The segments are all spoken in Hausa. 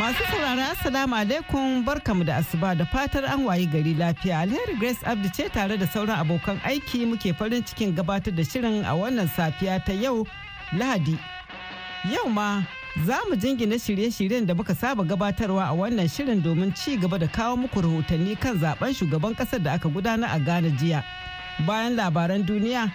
Masu saurara Assalamu alaikum barkamu da asuba da fatar an wayi gari lafiya alheri Grace Abdi ce tare da sauran abokan aiki muke farin cikin gabatar da shirin a wannan safiya ta yau Lahadi. Yau ma za mu jingina shirye-shiryen da muka saba gabatarwa a wannan shirin domin ci gaba da kawo muku rahotanni kan zaben shugaban kasar da aka gudana a Ghana jiya. Bayan labaran duniya,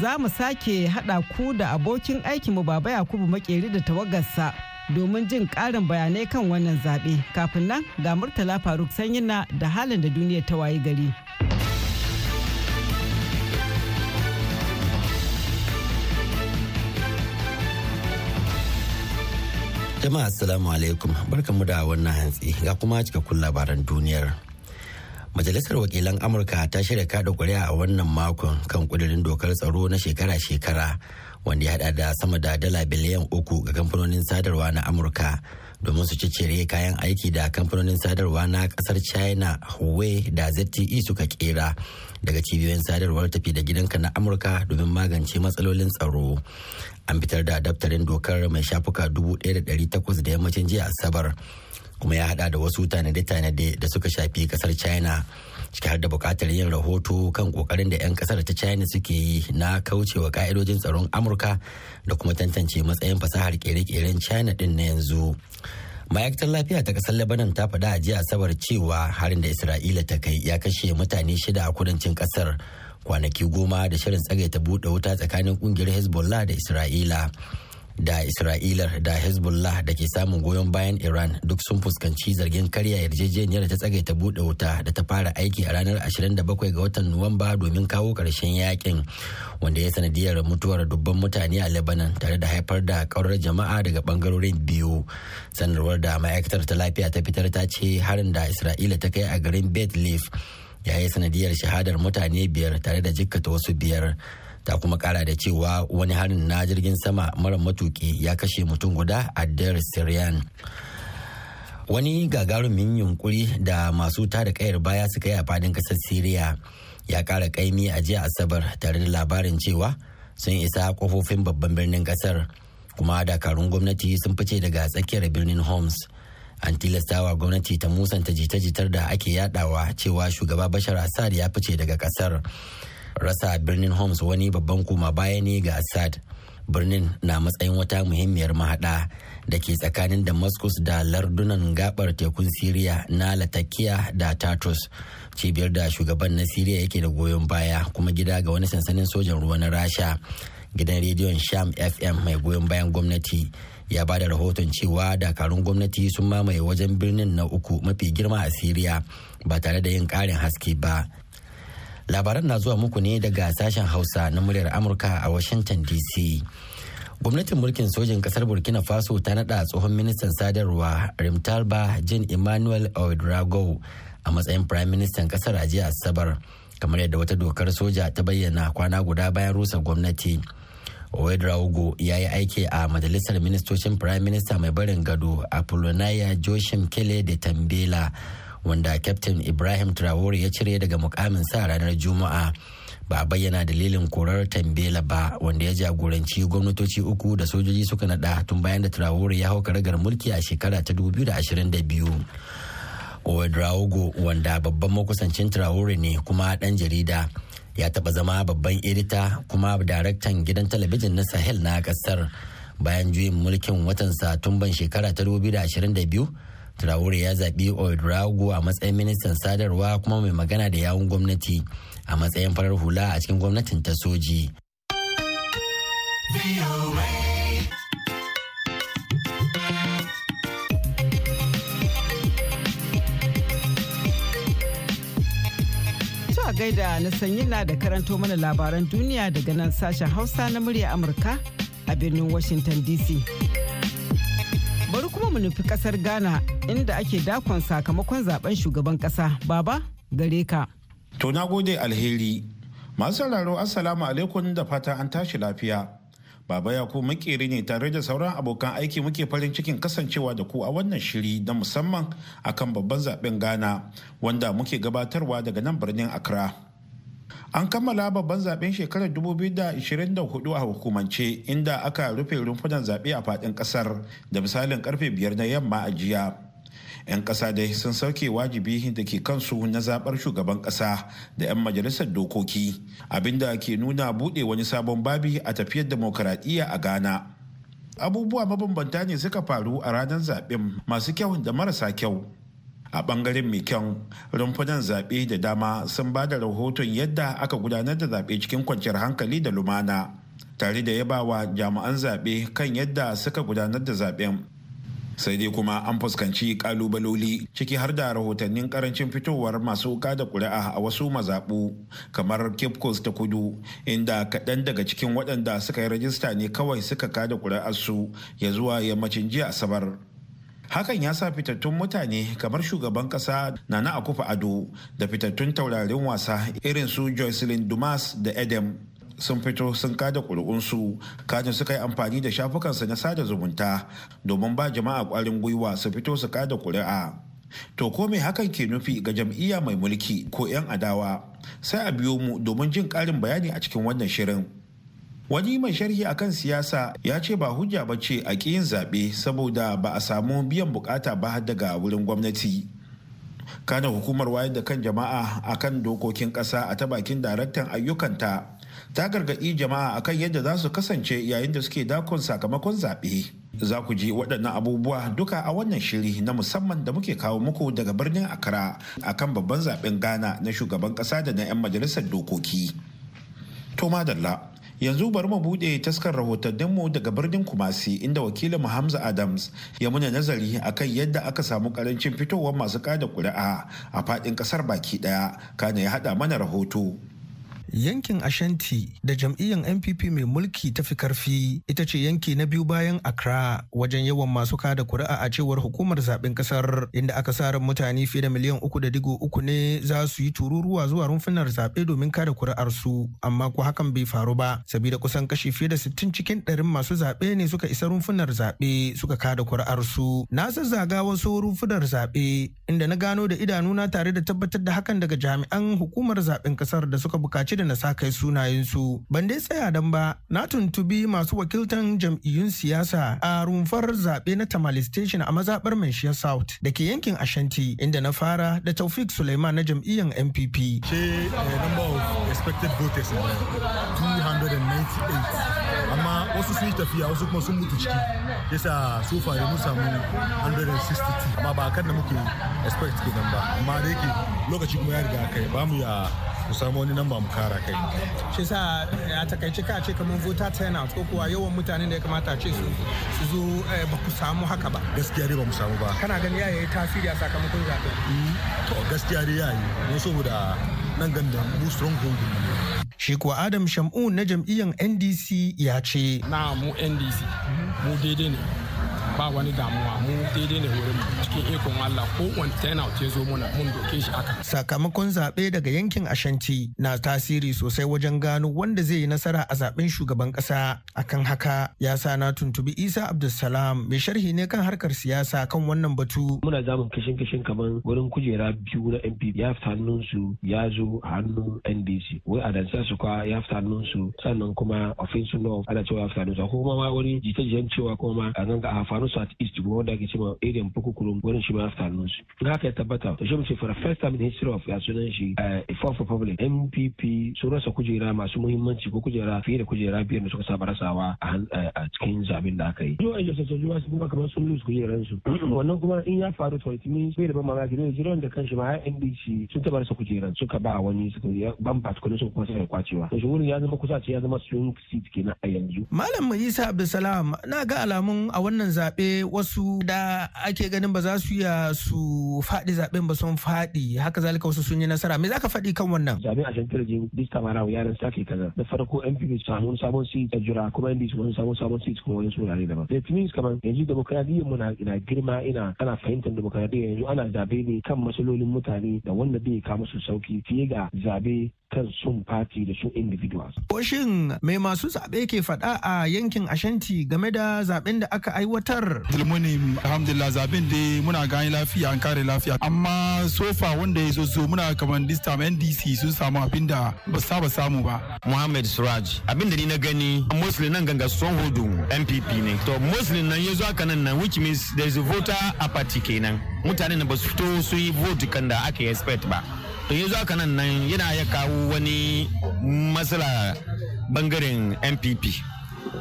za mu sake haɗa ku da abokin mu Baba Yakubu Makeri da tawagarsa. domin jin karin bayanai kan wannan zaɓe kafin nan ga murtala faruk sanyina da halin da duniya ta wayi gari. Jama'a Assalamu alaikum barkamu da wannan hantsi ga kuma cikakkun labaran duniyar. Majalisar wakilan Amurka ta shirya kada kuri'a a wannan makon kan kudirin dokar tsaro na shekara-shekara wanda ya hada da sama da dala biliyan uku ga kamfanonin sadarwa na amurka domin su cire kayan aiki da kamfanonin sadarwa na kasar china huawei da zte suka kera daga cibiyoyin sadarwar tafi da gidanka na amurka domin magance matsalolin tsaro an fitar da daftarin dokar mai shafuka 1800 da yammacin jiya asabar kuma ya hada da wasu tanade-tanade da suka shafi kasar china ciki har da buƙatar yin rahoto kan kokarin da 'yan kasar ta china suke yi na kaucewa ka'idojin tsaron amurka da kuma tantance matsayin fasahar kere-keren china din na yanzu ma'aikatar lafiya ta kasar lebanon ta faɗa a jiya asabar cewa harin da isra'ila ta kai ya kashe mutane shida a kudancin kasar kwanaki goma da shirin tsagaita buɗe wuta tsakanin kungiyar hezbollah da isra'ila da isra'ila da hezbollah da ke samun goyon bayan iran duk sun fuskanci zargin karya yarjejeniyar ta tsagaita buɗe wuta da ta fara aiki a ranar 27 ga watan nuwamba domin kawo ƙarshen yakin wanda ya sanadiyar mutuwar dubban mutane a lebanon tare da haifar da ƙaurar jama'a daga bangarorin biyu sanarwar da ma'aikatar ta lafiya ta fitar ta ce harin da isra'ila ta kai a garin beth leaf ya yi sanadiyar shahadar mutane biyar tare da jikkata wasu biyar ta kuma kara da cewa wani harin na jirgin sama mara matuki ya kashe mutum guda a der Sirian. wani gagarumin yunkuri da masu tada kayar baya suka yi a fadin kasar syria ya kara kaimi a jiya asabar tare da labarin cewa sun isa kofofin babban birnin kasar kuma dakarun gwamnati sun fice daga tsakiyar birnin homs an tilastawa gwamnati ta musanta jita-jitar da ake yadawa cewa shugaba bashar assad ya fice daga kasar rasa birnin homs wani babban koma baya ne ga assad birnin na matsayin wata muhimmiyar mahada da ke tsakanin damascus da lardunan gabar tekun siriya na latakia da tartus cibiyar da shugaban na siriya yake da goyon baya kuma gida ga wani sansanin sojan ruwa na rasha gidan rediyon sham fm mai goyon bayan gwamnati ya ba da rahoton cewa dakarun gwamnati sun mamaye wajen birnin na uku mafi girma a siriya ba tare da yin karin haske ba labaran na zuwa muku ne daga sashen hausa na muryar amurka a washington dc gwamnatin mulkin sojin kasar burkina faso ta nada tsohon ministan sadarwa rimtalba jin emmanuel oedrago a matsayin prime minister kasar a jiya asabar kamar yadda wata dokar soja ta bayyana kwana guda bayan rusa gwamnati oedrago ya yi aiki a majalisar ministocin prime minister mai barin gado a apollonia joshim kele de tambela wanda kyaftin ibrahim traore ya cire daga mukamin sa ranar juma'a ba a bayyana dalilin korar tambela ba wanda ya jagoranci gwamnatoci uku da sojoji suka nada tun bayan da traore ya hau karagar mulki a shekara ta 2022 Oedraogo wanda babban makusancin traore ne kuma dan jarida ya taɓa zama babban edita kuma daraktan gidan talabijin na sahel na kasar bayan juyin mulkin watan satumban shekara ta 2022 Traore ya zaɓi Ouedraogo a matsayin ministan sadarwa kuma mai magana da yawun gwamnati a matsayin farar hula a cikin gwamnatin ta soji. gaida na sanyi na da karanto mana labaran duniya daga nan sashen hausa na murya amurka a birnin washington dc mu nufi kasar Ghana inda ake dakon sakamakon zaben shugaban kasa. Baba gare ka. To na gode alheri. Masu sauraro Assalamu alaikum da fata an tashi lafiya. Baba ya ku makeri ne tare da sauran abokan aiki muke farin cikin kasancewa da ku a wannan shiri na musamman akan babban zaben Ghana wanda muke gabatarwa daga nan birnin Accra. An kammala babban zaben shekarar 2024 a hukumance inda aka rufe rumfunan zaɓe a faɗin ƙasar da misalin karfe biyar na yamma a jiya. 'Yan ƙasa dai sun sauke wajibi da ke kansu na zaɓar shugaban ƙasa da 'yan majalisar dokoki abinda ke nuna buɗe wani sabon babi a tafiyar demokaradiyya a Ghana. Abubuwa mabambanta ne suka faru a ranar zaɓen masu kyau da marasa kyau. a bangaren mikyan rumfunan zaɓe da dama sun ba da rahoton yadda aka gudanar da zaɓe cikin kwanciyar hankali da lumana tare da yabawa jami'an zaɓe kan yadda suka gudanar da zaɓen sai dai kuma an fuskanci kalubaloli ciki har da rahotannin karancin fitowar masu wuka da ƙuri'a a wasu mazaɓu kamar cape coast ta kudu inda kaɗan daga cikin waɗanda suka yi rajista ne kawai suka kada su ya zuwa yammacin jiya asabar hakan ya sa fitattun mutane kamar shugaban kasa nana akufa ado da fitattun taurarin wasa irin su jocelyn dumas da edem sun fito sun kada kuri'unsu kajin suka yi amfani da shafukansu na sada zumunta domin ba jama'a kwarin gwiwa su fito su kada kuri'a to ko me hakan ke nufi ga jam'iyya mai mulki ko 'yan adawa sai a biyo mu domin jin karin bayani a cikin wannan shirin wani mai sharhi akan siyasa ya ce ba hujja ba ce a ƙi yin zaɓe saboda ba a samu biyan bukata ba daga wurin gwamnati kana hukumar wayar da kan jama'a akan dokokin ƙasa a ta bakin daraktan ayyukanta ta gargaɗi jama'a akan yadda za su kasance yayin da suke dakon sakamakon zaɓe za ku ji waɗannan abubuwa duka a wannan shiri na musamman da muke kawo muku daga birnin akara akan babban zaɓen ghana na shugaban ƙasa da na 'yan majalisar dokoki to madalla yanzu bari mu buɗe taskar rahotanninmu daga birnin kumasi inda wakilin hamza adams ya muna nazari akan yadda aka samu karancin fitowar masu kada kuri'a a faɗin ƙasar baki ɗaya kana ya haɗa mana rahoto yankin ashanti da jam'iyyar npp mai mulki ta fi karfi ita ce yanki na biyu bayan accra wajen yawan masu kada kuri'a a cewar hukumar zaben kasar inda aka sa ran mutane fiye da miliyan uku da digo uku ne za su yi tururuwa zuwa rumfunar zaɓe domin kada kuri'ar su amma ko hakan bai faru ba sabida kusan kashi fiye da sittin cikin ɗarin masu zaɓe ne suka isa rumfunar zaɓe suka kada kuri'ar su na zazzaga wasu rumfunar zaɓe inda na gano da idanuna tare da tabbatar da hakan daga jami'an hukumar zaben kasar da suka buƙaci da na sa kai sunayensu ban dai tsaya dan ba na tuntubi masu wakiltan jam'iyyun siyasa a rumfar zaɓe na tamale station a mazaɓar Manshiya south da ke yankin ashanti inda na fara da taufik suleiman na jam'iyyar npp she eh, number of expected voters 298 amma wasu sun yi tafiya wasu kuma sun mutu ciki yasa so far mun samu 162 amma ba kan da muke expect kenan ba amma da yake lokaci kuma ya riga kai ba mu ya ku samu wani namba mu kara kai shi sa eh, a takaice ka ce kamar ten turnout ko kuwa yawan mutane da ya kamata ce su su zo eh, ba ku samu haka ba gaskiya dai ba mu samu ba kana gani yi tasiri a sakamakon zaɓen mm. to gaskiya dai yi mu saboda nan ganda mu stronghold shi kuwa adam shamu na jam'iyyar ndc ya ce na mu ndc mu daidai ne ba wani damuwa mu daidai ne wurin mu cikin ikon Allah ko wani turnout ya zo muna mun doke shi aka. Sakamakon zaɓe daga yankin Ashanti na tasiri sosai wajen gano wanda zai yi nasara a zaɓen shugaban ƙasa. Akan haka ya sa na tuntubi Isa Abdulsalam mai sharhi ne kan harkar siyasa kan wannan batu. Muna zamun kishin kishin kamar wurin kujera biyu na NPP ya fita hannunsu ya zo hannun NDC. Wai a dansa su kwa ya fita hannunsu sannan kuma ofinsu north ana cewa ya fita hannunsu. Kuma ma wani jita-jitan cewa kuma a ganga south east wanda ake cewa area puku kurum gurin shi ba sa su ga haka ya tabbata to shi mu ce for first time in history of ya sunan shi for eh, for public MPP su rasa kujera masu muhimmanci ko kujera fiye da kujera biyar da suka saba rasawa a eh, cikin zaben da aka yi yau an yasa sojuwa su kuma kamar sun lose kujeran su wannan kuma in ya faru to it means bai da ban mamaki ne jiran da kanshi ma har NDC sun taba rasa kujeran suka ba wani suka ban particular suka kuma suka kwacewa to shi wurin ya zama kusa ce ya zama swing seat kenan a yanzu malam isa Abdulsalam na ga alamun a wannan za zaɓe wasu da ake ganin ba za su iya su faɗi zaɓen ba sun faɗi haka zalika wasu sun yi nasara me za ka faɗi kan wannan zaɓen a shantar jin dista mara yaran yaran sake kaza da farko NPP su samu sabon seat a jira kuma NDC wani sabon sabon seat kuma wani surare daban da tunis kaman yanzu demokradiyyar mu na girma ina ana fahimtar demokradiyyar yanzu ana zaɓe ne kan matsalolin mutane da wanda bai kawo musu sauki fiye ga zaɓe kan sun party da sun individuals. Ko shin mai masu zaɓe ke faɗa a yankin Ashanti game da zaɓen da aka aiwatar kasar dilmuni alhamdulillah zaben da muna gani lafiya an kare lafiya amma sofa wanda ya zo muna kamar this time ndc sun samu abin da ba saba samu ba muhammad suraj abin da ni na gani muslim nan ganga son hudu mpp ne to muslim nan ya zo aka nan nan which means there is a voter apathy kenan mutane na ba su fito su yi vote kan da aka expect ba to yanzu aka nan nan yana ya kawo wani matsala bangaren mpp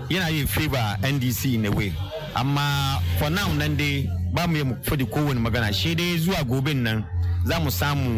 yana yin favor ndc in a way amma for now nan dai ba mu mu fadi kowane magana shi dai zuwa gobe nan za mu samu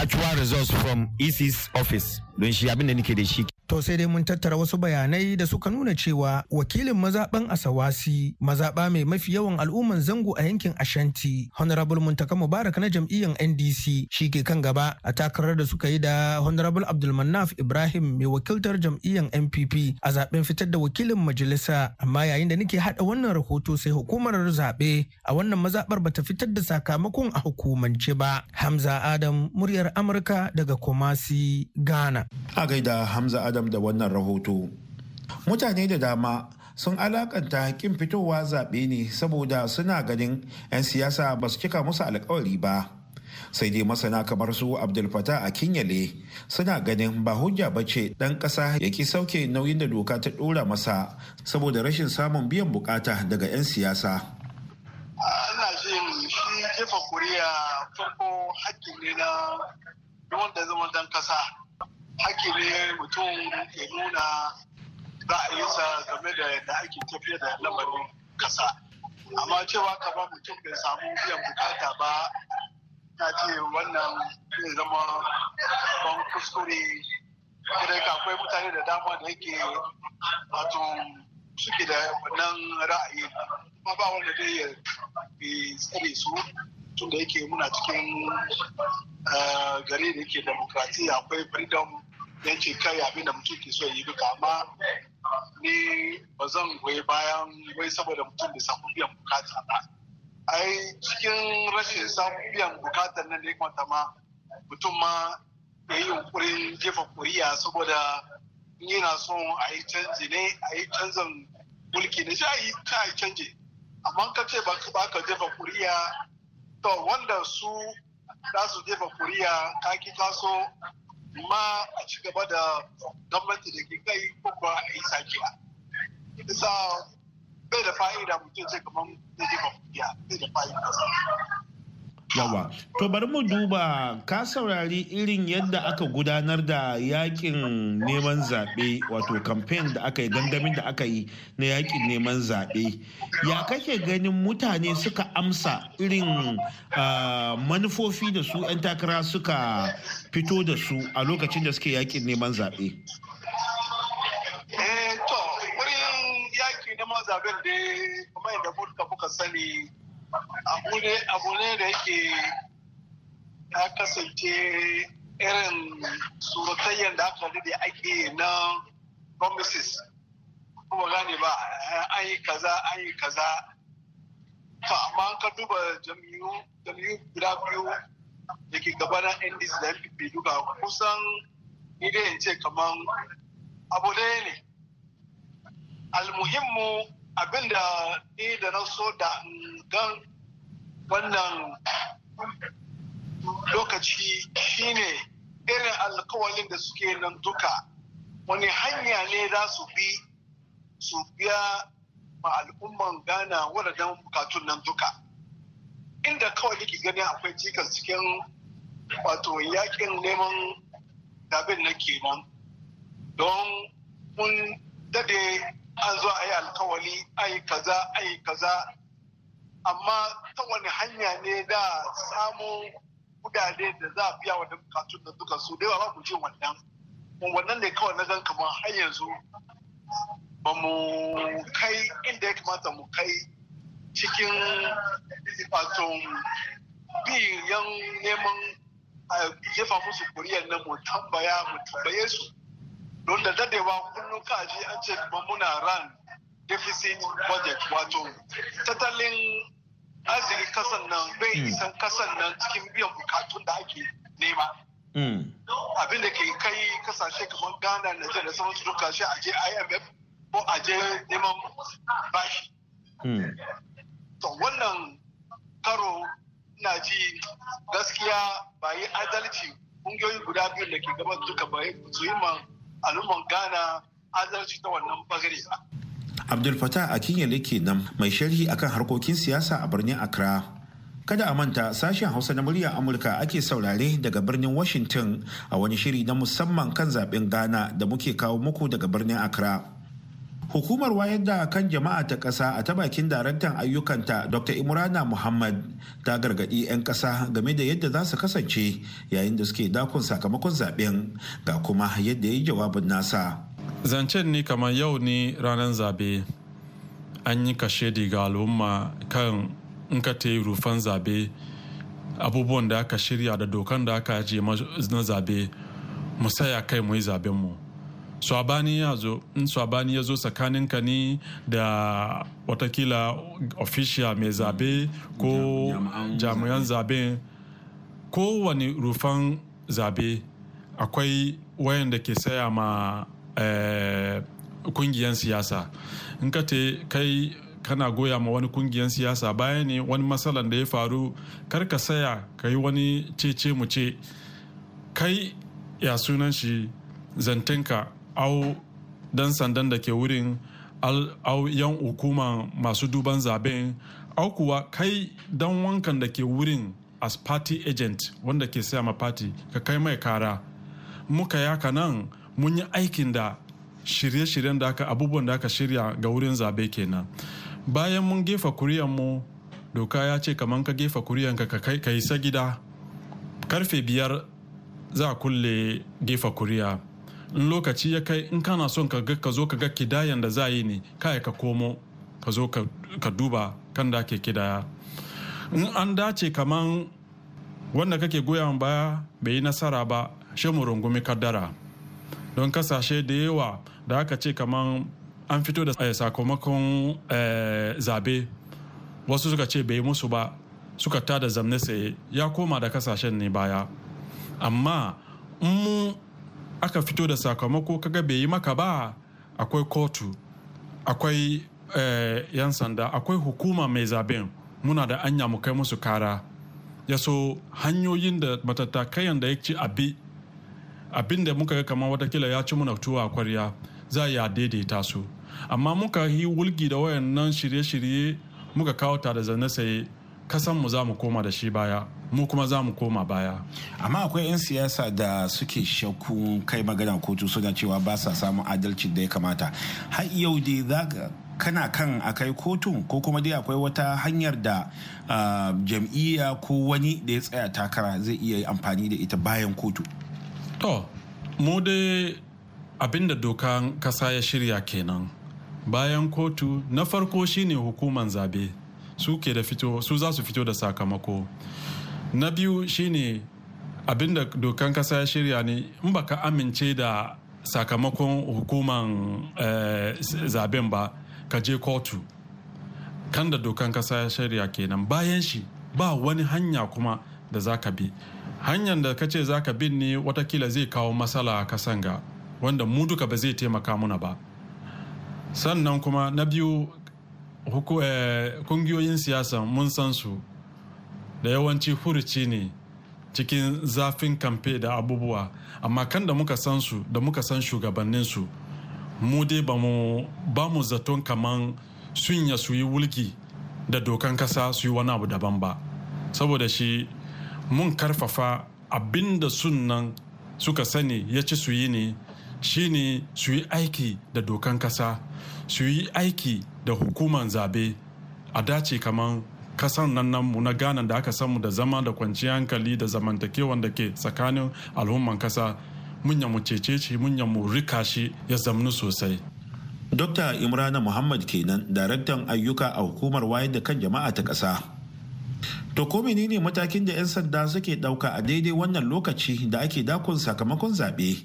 actual results from EC's office don shi abin da nake da shi to sai dai mun tattara wasu bayanai da suka nuna cewa wakilin mazaban asawasi mazaɓa mai mafi yawan al'umman zango a yankin ashanti honorable muntaka mubarak na jam'iyyar ndc shi ke kan gaba a takarar da suka yi da honorable abdulmanaf ibrahim mai wakiltar jam'iyyar npp a zaben fitar da wakilin majalisa amma yayin da nake haɗa wannan rahoto sai hukumar zaɓe a wannan mazaɓar bata fitar da sakamakon a hukumance ba hamza adam muryar amurka daga kumasi ghana A gaida Hamza Adam da wannan rahoto. Mutane da dama sun alakanta hakkin fitowa zaɓe ne saboda suna ganin 'yan siyasa ba su cika musu alkawari ba. Sai dai masana kamar su Abdul Fattah a Kinyale suna ganin ba hujja ba ce ɗan ƙasa ya ki sauke nauyin da doka ta ɗora masa saboda rashin samun biyan bukata daga 'yan siyasa. Ana jin shi jefa kuriya farko hakkin ne na wanda zama ɗan ƙasa. haƙƙi ne mutum ya nuna ra'ayinsa game da yadda ake tafiyar da lamarin kasa, amma cewa kamar mutum bai samu biyan bukata ba ta ce wannan zai zama ban kuskure kuma ka akwai mutane da dama da yake wato suke da wannan ra'ayi kuma ba wanda zai ya tsare su tun da yake muna cikin eh, gari da yake demokratiya akwai freedom ya ce kai abin da mutum ke so yi duka amma ni ba zan goyi bayan wai saboda mutum da samu biyan bukata ba ai cikin rashin samun biyan bukatar nan da ya kamata ma mutum ma ya yi yunkurin jefa kuriya saboda yana son a yi canji ne a yi canzan mulki ne shi a yi canji amma ka ce ba ka jefa kuriya to wanda su za su jefa kuriya ka ki taso ma a ci gaba da gwamnati da ke kai ko kuma a yi sake a, Isa bai da fa'ida mutum sai kamar zai je ba bai da fa'ida. yawa to bari mu duba ka saurari irin yadda aka gudanar da yakin neman zaɓe wato kamfen da aka yi dandamin da aka yi na yakin neman zaɓe ya kake ganin mutane suka amsa irin manufofi da su 'yan takara suka fito da su a lokacin da suke yakin neman zaɓe eh, to neman zaɓen da kuma yadda kuka sani abu ne da yake ya kasance irin surutayyar da aka da ake na promises kuma gane ba an yi kaza an yi kaza to amma ka duba jam'iyyu guda biyu da ke gabanin ndc da npp duka kusan idan ce kaman abu ɗaya ne almuhimmu abinda ni da na so da don wannan lokaci shine irin alkawalin da suke nan duka wani hanya ne za su bi su biya ma al'umman ghana wadannan bukatun nan duka inda kawai yake gani akwai cikas cikin wato yakin neman dabin na kenan don mun dade an zo a yi alkawali a kaza ayi kaza amma ta wani hanya ne da samun kudade da za a biya wannan bukatu da duka su da yawa ba wannan wannan ne kawai na gan kamar har yanzu ba mu kai inda ya kamata mu kai cikin wato biyan neman jefa musu kuriyar nan mu tambaya mu tambaye su don da dadewa kullum kaji an ce kuma muna ran deficit budget wato tattalin arziki kasan nan bai hmm. isan kasan nan cikin biyan bukatun da ake nema hmm. abin da ke kai kasashe kamar ghana nigeria da su duka shi je imf ko a je neman bashi hmm. to wannan karo ina ji gaskiya ba yi adalci kungiyoyi guda biyu da ke gaban duka ba su yi ma al'umman ghana adalci ta wannan bagare ba abdul fatah akinyele nan mai sharhi akan harkokin siyasa a birnin accra Kada a manta sashen Hausa na muryar Amurka ake saurare daga birnin Washington a wani shiri na musamman kan zaben Ghana da muke kawo muku daga birnin Accra. Hukumar wayar da kan jama'a ta ƙasa a ta bakin daraktan ayyukanta Dr. Imrana Muhammad ta gargaɗi 'yan ƙasa game da yadda za su kasance yayin da suke dakon sakamakon zaben ga kuma yadda ya yi jawabin nasa. zancen ni kamar yau ne ranar zabe an yi kashe ga al'umma kan in ka ta yi rufan zabe abubuwan da aka shirya da dokan da aka je na zabe mu saya kai mu yi mu swabani ya zo in swabani ya zo ka ni da watakila ofishiya mai zabe ko jami'an zabe kowane rufan zabe akwai wayan da ke saya ma Eh, kungiyan siyasa in ka te kai kana goya ma wani kungiyar siyasa bayan ne wani matsalan da ya faru kar ka saya ka yi wani cece mu ce kai ya sunan shi zantinka au dan sandan da ke wurin au yan hukuma masu duban zaben au kuwa kai dan wankan da ke wurin as party agent wanda ke saya ma party ka kai mai kara muka yaka nan mun yi aikin da shirye-shiryen da aka abubuwan da aka shirya ga wurin zabe kenan bayan mun gefa mu doka ya ce kamar ka gefa kuriyanka ka isa gida karfe biyar za a kulle gefa kuriya in lokaci ya kai in kana son ka zo ka ga kidayan da za yi ne kai ka komo ka zo ka duba kan da ke kidaya in an dace kaman wanda kake goyon baya bai yi nasara ba shi mu rungumi kaddara don kasashe da yawa da aka ce kamar an fito da eh, sakamakon eh, zabe wasu suka ce bai musu ba suka ta da zamne tsaye ya koma da kasashen ne baya amma mu aka fito da sakamako kaga bai yi maka ba akwai kotu akwai eh, yan sanda akwai hukuma mai zaben muna da anya mu kai musu kara ya so hanyoyin da matattakayan da ya ci abi abin da muka ga kamar watakila ya ci muna tuwa kwarya za ya daidaita su amma muka yi wulgi da wayannan shirye-shirye muka kawo ta da zane saye kasan mu za mu koma da shi baya mu kuma za mu koma baya amma akwai 'yan siyasa da suke shakku kai magana kotu suna cewa ba sa samun adalci da ya kamata har yau dai za kana kan akai kotun ko kuma dai akwai wata hanyar da ah, jam'iyya ko wani da ya tsaya takara zai iya amfani da ita bayan kotu to mu dai abinda dokan kasa ya shirya kenan bayan kotu na farko shine hukuman zabe su ke da fito su za su fito da sakamako na biyu shine abinda dokan kasa ya shirya ne in ka amince da sakamakon hukuman eh, zaben ba ka je kotu kan da dokan kasa ya shirya kenan bayan shi ba wani hanya kuma da za ka bi hanyar da ka ce za ka bin ne watakila zai kawo matsala a kasanga wanda mu duka ba zai taimaka muna ba sannan kuma na biyu eh, kungiyoyin siyasa mun san su da yawanci furuci ne cikin zafin kamfe da abubuwa amma kan da muka san su da muka san shugabanninsu mu dai ba mu zaton kaman sunya su yi wulki da dokan kasa su yi wani abu daban ba saboda shi mun karfafa abinda sunan suka sani ya ci su yi ne shine su yi aiki da dokan kasa su yi aiki da hukuman zabe a dace kaman kasan nan nan mu na Ghana da aka samu da zama da kwanciyar hankali da zamantakewan da ke tsakanin al'umman kasa munya mu cece shi munya mu rika shi ya zamnu sosai. Dokta Imrana Muhammad kenan daraktan ayyuka a hukumar wayar da kan jama'a ta kasa. To ko menene matakin da 'yan sanda suke ɗauka a daidai wannan lokaci da ake dakon sakamakon zaɓe?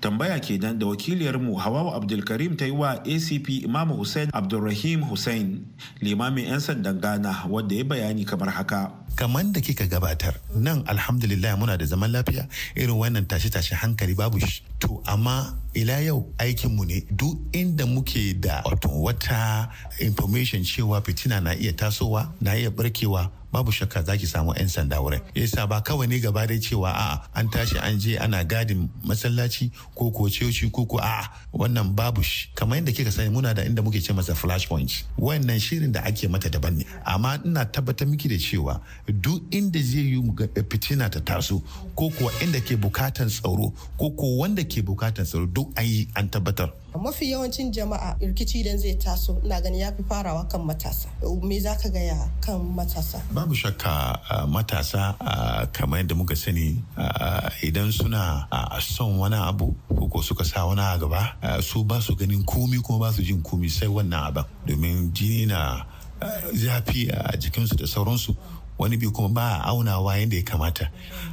Tambaya kenan da wakiliyarmu wa Abdulkarim ta yi wa ACP Imamu Hussein Abdulrahim Hussein limamin 'yan sandan Ghana wanda ya bayani kamar haka. Kamar da kika gabatar nan alhamdulillah muna da zaman lafiya irin wannan tashe tashi hankali babu shi. To amma ila yau aikinmu ne duk inda muke da wata information cewa fitina na iya tasowa na iya barkewa babu shakka zaki ki samu 'yan sanda wurin yasa ba kawai ne gaba dai cewa a'a an tashi an je ana gadin masallaci ko ko ceci ko ko a'a wannan babu shi kamar yadda kika sani muna da inda muke ce masa flash point wannan shirin da ake mata daban ne amma ina tabbatar miki da cewa duk inda zai yi fitina ta taso ko kuwa inda ke bukatan tsaro ko ko wanda ke bukatan tsaro duk an yi an tabbatar A mafi yawancin jama'a rikici idan zai taso ina gani ya fi farawa kan matasa me za ka gaya kan matasa babu shakka matasa kamar yadda muka sani idan suna son wani abu ko suka sa wani a gaba su ba su ganin komi kuma ba su jin komi sai wannan abin domin jini na zafi a jikinsu da sauransu wani bi kuma ba a aunawa yadda ya kamata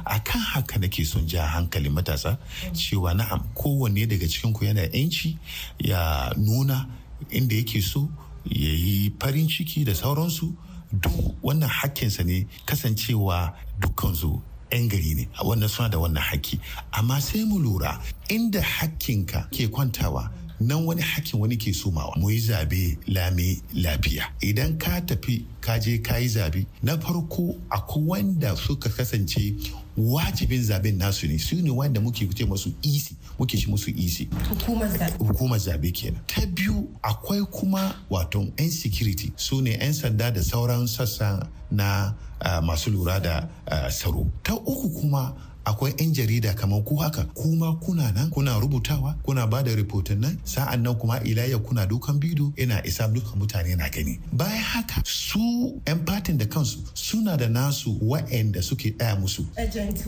a kan haka nake son ja hankali matasa cewa na'am kowanne daga cikinku yana yanci ya nuna inda yake so ya yi farin ciki da sauransu duk wannan hakkinsa ne kasancewa dukkansu 'yan gari ne wannan suna da wannan haki amma sai mu lura inda hakkinka ke kwantawa nan wani hakkin wani ke somawa mu yi zabe lami lafiya idan ka tafi ka je ka yi zabe na farko akwai wanda suka kasance wajibin zaben nasu ne su ne wanda muke ce masu isi e muke shi musu isi e hukumar zabe kenan ta biyu akwai kuma wato yan security su ne yan sanda da sauran sassa na ah, masu lura da ah, tsaro ta uku kuma akwai 'yan jarida kamar ku haka kuma kuna nan kuna rubutawa kuna ba da rahoton nan sa'an nan kuma ilayya kuna dukan bidiyo ina isa duka mutane na gani bayan haka su 'yan fatin da kansu suna da nasu wa'anda suke ɗaya musu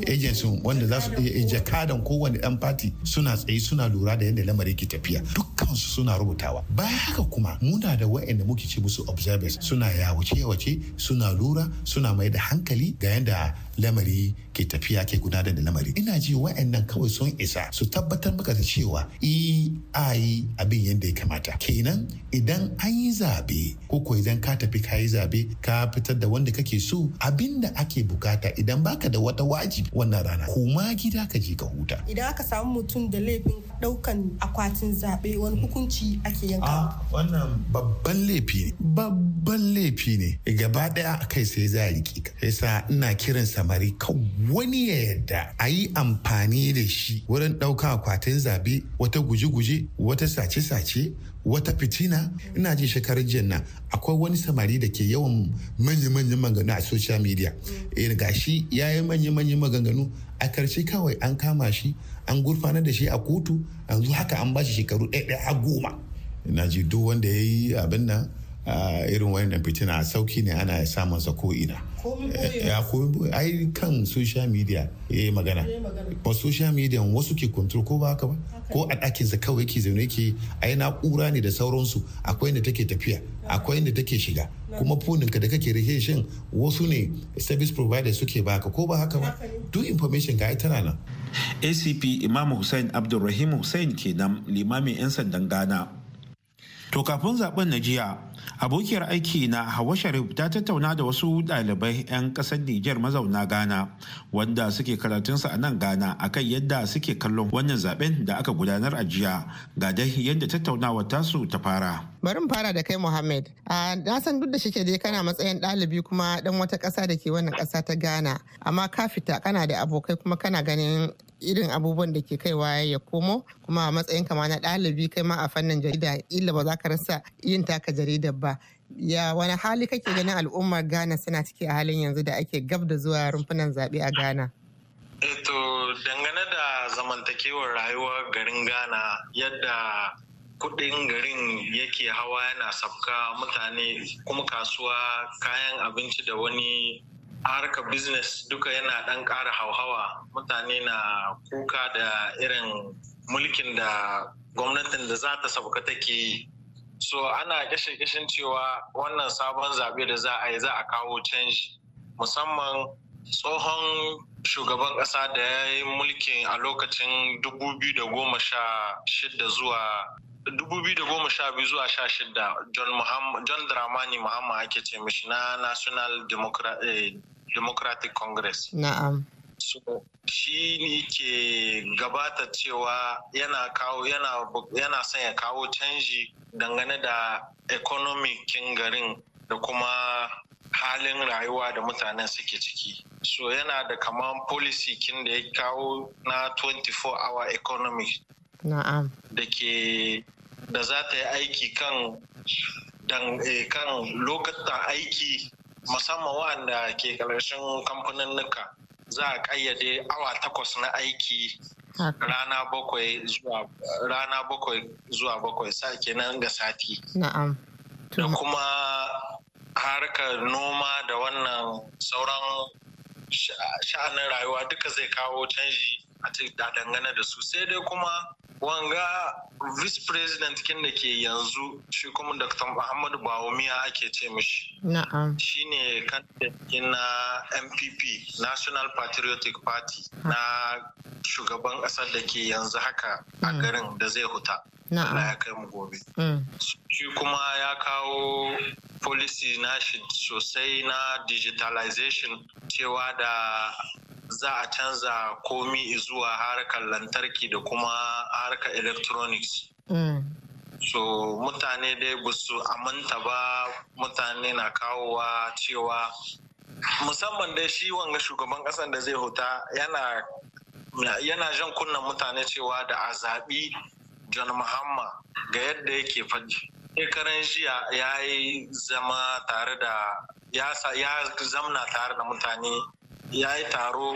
agents wanda za su iya eh, jakadan kowane yan fati suna tsaye suna lura da yadda lamari ke tafiya dukkansu suna rubutawa bayan haka kuma muna da wa'anda muke ce musu observers suna yawace yawace suna lura suna mai da hankali ga yadda lamari ke tafiya ke gudanar da lamari ina ji wa'annan kawai sun isa su tabbatar maka da cewa i a yi abin yadda ya kamata kenan idan an yi zabe ko ko idan ka tafi ka yi zabe ka fitar da wanda kake so abin da ake bukata idan baka da wata wajibi wannan rana kuma gida ka je ka huta idan aka samu mutum da laifin daukan akwatin zabe wani hukunci ake yanka ah, wannan babban laifi ne babban laifi ne gaba daya kai sai za a riƙe ka yasa ina kiransa samari wani ya yadda a yi amfani da shi wurin ɗauka akwatin zabe wata guje-guje wata sace-sace wata fitina ina ji shekarar jiyan nan akwai wani samari da ke yawan manya-manyan maganganu a social media eh ga shi ya yi manya-manyan maganganu a karshe kawai an kama shi an gurfanar da shi a kotu yanzu haka an ba shi shekaru ɗaya a goma ina ji duk wanda ya yi abin nan Ah, irin wayannan fitina sauki ne ana samun sa ko ina eh, ya komi ai kan social media ya yi magana ba social media wasu ke control ko ba haka ba ko a ɗakin sa kawai ke zaune ke ai na'ura ne da sauransu akwai inda take tafiya akwai inda take shiga kuma fonin ka da kake rike shin wasu ne service provider suke baka ko ba haka ba duk information ga ai tana nan acp imam hussein abdulrahim hussein kenan limamin 'yan sandan ghana to kafin zaben na jiya abokiyar aiki na hawa sharif ta tattauna da wasu dalibai 'yan kasar nijar mazauna ghana wanda suke karatunsa a nan ghana akan yadda suke kallon wannan zaben da aka gudanar a jiya ga dai yadda tattaunawa tasu ta fara bari mu fara da kai muhammed na san duk da shike dai kana matsayin dalibi kuma dan wata kasa da ke wannan kasa ta Ghana. Amma ka fita kana da abokai kuma kana ganin irin abubuwan da ke kaiwa ya komo kuma a matsayin kama na ɗalibi kai ma a fannin jarida illa ba za ka rasa yin taka jarida dabba ya wani hali kake ganin al'ummar ghana suna ciki a halin yanzu da ake gab da zuwa rumfunan zaɓe a ghana eto eh dangane da zamantakewar rayuwar garin ghana yadda kudin garin yake hawa yana sabka mutane kuma kasuwa kayan abinci da wani harka business duka yana dan ƙara hauhawa mutane na kuka da irin mulkin da gwamnatin da za ta sabka take so ana kishin gashen cewa wannan sabon zaɓe da za a yi za a kawo canji musamman tsohon shugaban ƙasa da ya yi mulkin a lokacin 2016 zuwa 2012 zuwa 16 john dramani muhammad ake ce mishi na national eh, democratic congress na'am su shi ne ke gabata cewa yana kawo yana yana son ya kawo canji dangane da kin garin da kuma halin rayuwa da mutanen suke ciki so yana da kaman policy kin da ya kawo na 24 hour economy na'am da ke da za ta yi aiki kan eh, kan lokutan aiki musamman waɗanda ke ƙarshen kamfanin nuka za a ƙayyade awa takwas na aiki rana bakwai zuwa rana bakwai zuwa bakwai sa kenan ga sati na'am da kuma harkar noma da wannan sauran sha'anin rayuwa duka zai kawo canji a dangane da su sai dai kuma wanga vice president kin da ke yanzu shi kuma dr muhammadu bawumiya ake ce mishi shi ne candidate na mpp national patriotic party hmm. na shugaban ƙasar da ke yanzu haka a hmm. garin da zai huta Allah ya kai mu gobe hmm. shi kuma ya kawo policy na shi sosai na digitalization cewa da za a canza komi zuwa harkar lantarki da kuma harkar electronics. Mm. so mutane dai ba su aminta ba mutane na kawowa cewa musamman dai shi wanga shugaban kasan da zai huta yana jan kunnan mutane cewa da a zaɓi john mahama ga yadda yake faɗi shekaran jiya ya yi zama tare da ya zamna tare da mutane ya yi taro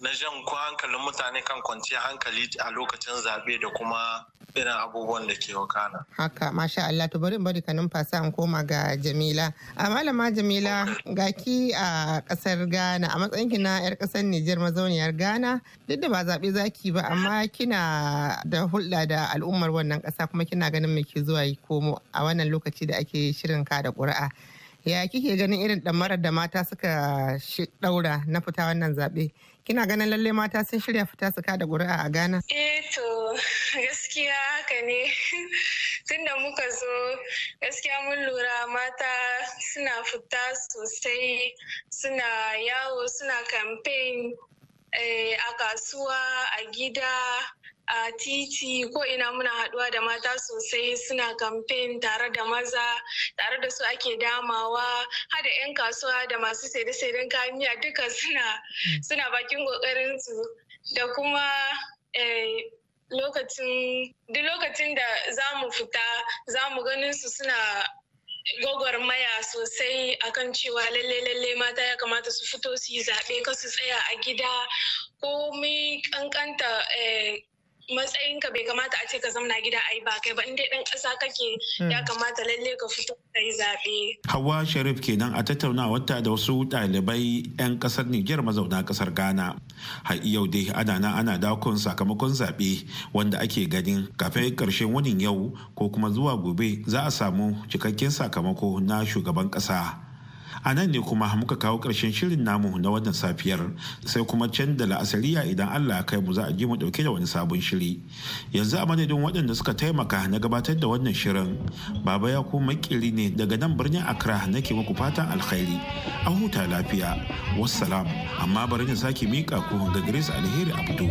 na jan ko hankalin mutane kan kwanciya hankali a lokacin zaɓe da kuma irin abubuwan da ke wakana. Haka, masha Allah, to bari in bari ka numfasa an koma ga Jamila. A malama Jamila, ga ki a ƙasar Ghana, a matsayinki na 'yar ƙasar Nijar mazauniyar Ghana, duk da ba zaɓe zaki ba, amma kina da hulɗa da al'ummar wannan ƙasa kuma kina ganin me ke zuwa yi komo a wannan lokaci da ake shirin kada ƙuri'a. ya kike ganin irin ɗamarar da mata suka ɗaura na fita wannan zaɓe kina ganin lalle mata sun shirya fita su kada ƙuri'a a ghana e to gaskiya haka ne tunda muka zo gaskiya mun lura mata suna fita sosai suna yawo suna campaign eh, a kasuwa a gida a titi ko ina muna haduwa da mata sosai suna kamfen tare da maza tare da su ake damawa hada 'yan kasuwa da masu saide-saiden kamiya duka suna mm. bakin kokarin su da kuma eh, lokacin duk lokacin da za mu fita za mu ganin su suna maya sosai akan cewa lalle lalle mata ya kamata su fito su yi zaɓe ka su tsaya a gida ko komi kankanta eh, matsayin ka bai kamata a ce ka zamna gida yi ba kai ba inda ɗan kasa kake hmm. ya kamata lalle ka fito yi zaɓe. Hawa Sharif kenan a tattaunawar ta da wasu ɗalibai 'yan ƙasar Nijar mazauna ƙasar Ghana. Har yau dai ana nan ana dakon sakamakon zaɓe wanda ake ganin kafin ƙarshen wani yau ko kuma zuwa gobe za a samu cikakken sakamako na shugaban ƙasa. a nan ne kuma muka kawo ƙarshen shirin namu na wannan safiyar sai kuma can da la'asariya idan allah ya kai mu za a ji mu dauke da wani sabon shiri yanzu a madadin waɗanda suka taimaka na gabatar da wannan shirin baba ya ku makiri ne daga nan birnin accra nake muku fatan alkhairi an huta lafiya wassalam amma bari na sake miƙa ku ga grace alheri abdu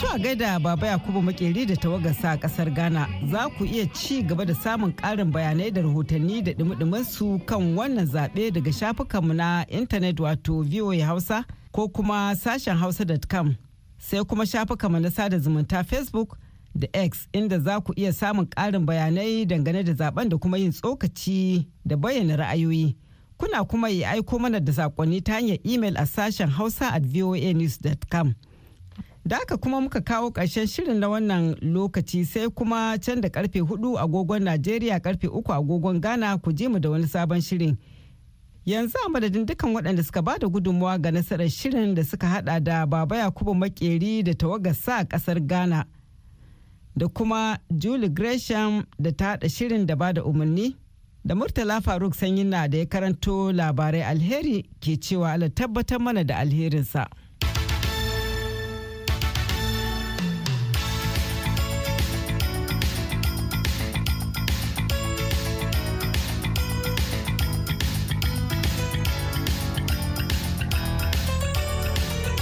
To a gaida Baba Yakubu Makeri da tawagarsa a kasar Ghana za ku iya ci gaba da samun ƙarin bayanai da rahotanni da dumi su kan wannan zaɓe daga shafukanmu na intanet wato VOA Hausa ko kuma sashen hausa.com sai kuma shafukanmu na sada zumunta Facebook da X inda za ku iya samun ƙarin bayanai dangane da zaben da kuma yin tsokaci da bayyana ra'ayoyi. Kuna kuma yi aiko mana da saƙonni ta hanyar email a sashen hausa at voanews.com. Da aka kuma muka kawo ƙarshen shirin na wannan lokaci sai kuma can da karfe hudu agogon Najeriya karfe uku agogon Ghana ku je mu da wani sabon shirin. Yanzu a madadin dukkan waɗanda suka ba da gudunmawa ga nasarar shirin da suka hada da Baba Yakubu Makeri da tawagar sa ƙasar Ghana da kuma Julie Gresham da ta haɗa shirin da bada umarni. Da Murtala Faruk Sanyin na da ya karanto labarai alheri ke cewa ala tabbatar mana da alherinsa.